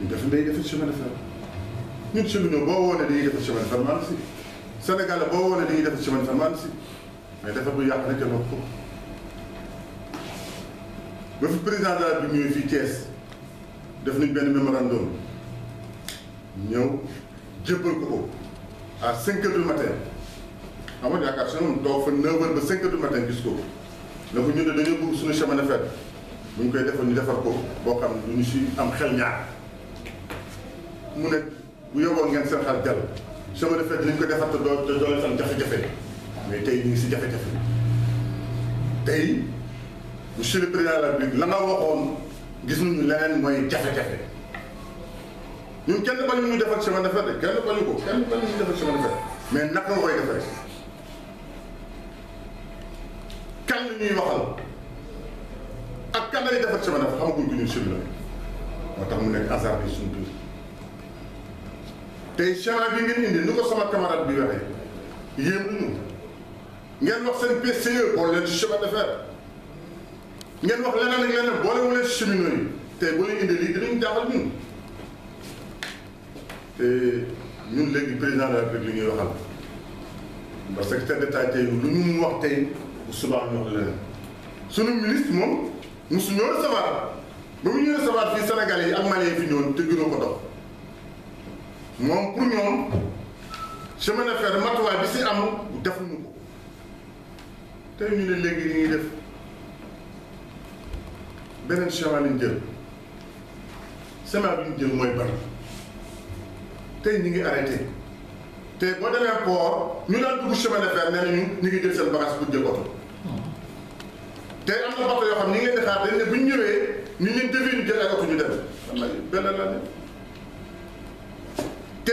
ñu def mbéy defar chemin de fer ñun cheminot boo woonee dañuy defar chemin fer mu si Sénégal boo woonee dañuy defar chemin fer mu si mais defar bu yàq rek kenn ko ba fi président la République ñëwee fii Thiès def nañ benn mémorandum ñëw jébbal ko ko à 5 heures du matin xam toog fa 9 heures ba 5 heures du matin ñu ne suñu chemin de koy defar ñu defar ko boo xam ne ñu si am xel ñaar. mu ne bu yóbboon ngeen seen xal jàll chemin de fer dinañ ko defat do do do sam jafe-jafe mais tay ni ci jafe-jafe tay monsieur le président la République la nga waxone gis nañu leneen moy jafe-jafe ñu kenn bañu ñu defat sama de fer kenn bañu ko kenn bañu ñu defat sama de mais naka nga koy defaree kan ñu ñuy waxal ak kan defat sama defar chemin de fer xamaguñ ko ñun sur la mu nek hasard bi suñu tey chara bi ngeen indi nu ko sama camarade bi waxee yéem nañu ngeen wax seen PCE boole leen ci chemin de ngeen wax leneen ak boole wu leen ci cheminot yi tey bu leen indee lii dinañ jaaxal ñun te ñun léegi président de la République li ñuy waxal lu ñu wax tey bu subaa ñu wax leneen sunu ministre moom mosu ñoo recevoir ba mu ñu fii Sénégalais yi ak Maliens fi ñëwoon te gënoo ko dox. moom pour ñoom chemin de fer matuwaay bi si am defuñu ko tey ñu ne léegi ñu ngi def beneen chemin lañ jël chemin bi ñu jël mooy bari tey ñu ngi arrêté te boo demee port ñu daan dugg chemin de fer nee nañu ñu ngi jël seen bagage bu jël oto tey am na bato yoo xam ñu ngi leen dañ ne bu ñu ñëwee ñu leen defee ñu jël ay oto ñu dem benn la ne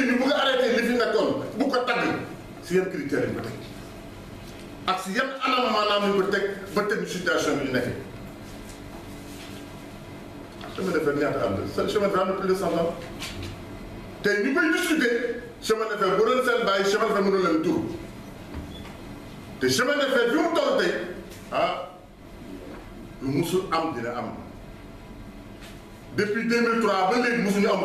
sëriñ bi bu nga arrêté li fi nekkoon bu ko tagg si yan critères yi ko teg ak si yan anam maanaam ñu ko teg ba tegu situation bi ñu nekk. Ah, chemin de fer am na chemin de fer am na plus de cent ans tey ñu koy discuter chemin de fer bu doon seen bàyyi chemin de fer mënul leen tur te chemin de fer bi mu toll tey ah lu musul am dina am depuis 2003 ba léegi musuñu am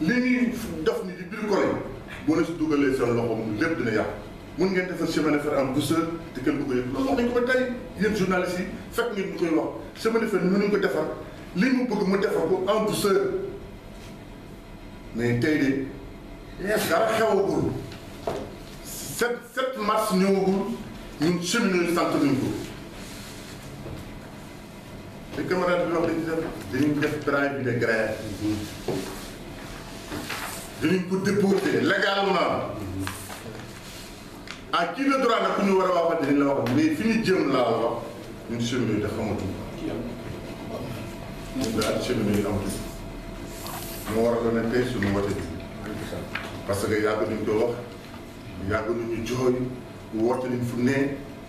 li ñuy def ni di biir collège boo la si dugalee seen loxo mu lépp dina yàqu mun ngeen defar chemin de fer en douceur te kenn du ko yëg loolu wax nañ ko ba tey yéen journalistes yi fekk ngeen ñu koy wax chemin de fer mënuñ ko defar li mu bëgg mu defar ko en douceur mais tey de dara xewagul sept sept mars ñëwagul ñun cheminots yi sant nañ ko li camarade bi wax dañuy def dinañ ko déposer légalement en kii de droit nag ku ñu war a waxoon dinañ la wax mais fi ñu jëm laa la wax ñun chemin de xamatuñ ñun daal chemin yi amatuñ moo waraloon ne tey suñu wote bi parce que yàgg nañ ko wax yàgg nañu jooy woote nañ fu ne.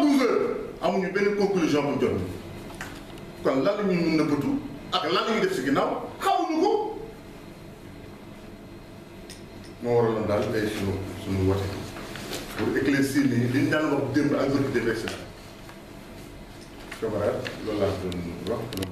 12 heures amuñu benn conclusion bu jot kon lan la ñuy mën nëbbatu ak lan la ñuy def si ginnaaw xamuñu ko moo waraloon daal tey sunu sunu wote pour éclaircir nii li ñu daan wax démb ak bët démb et cetera camarade loolu laa doon wax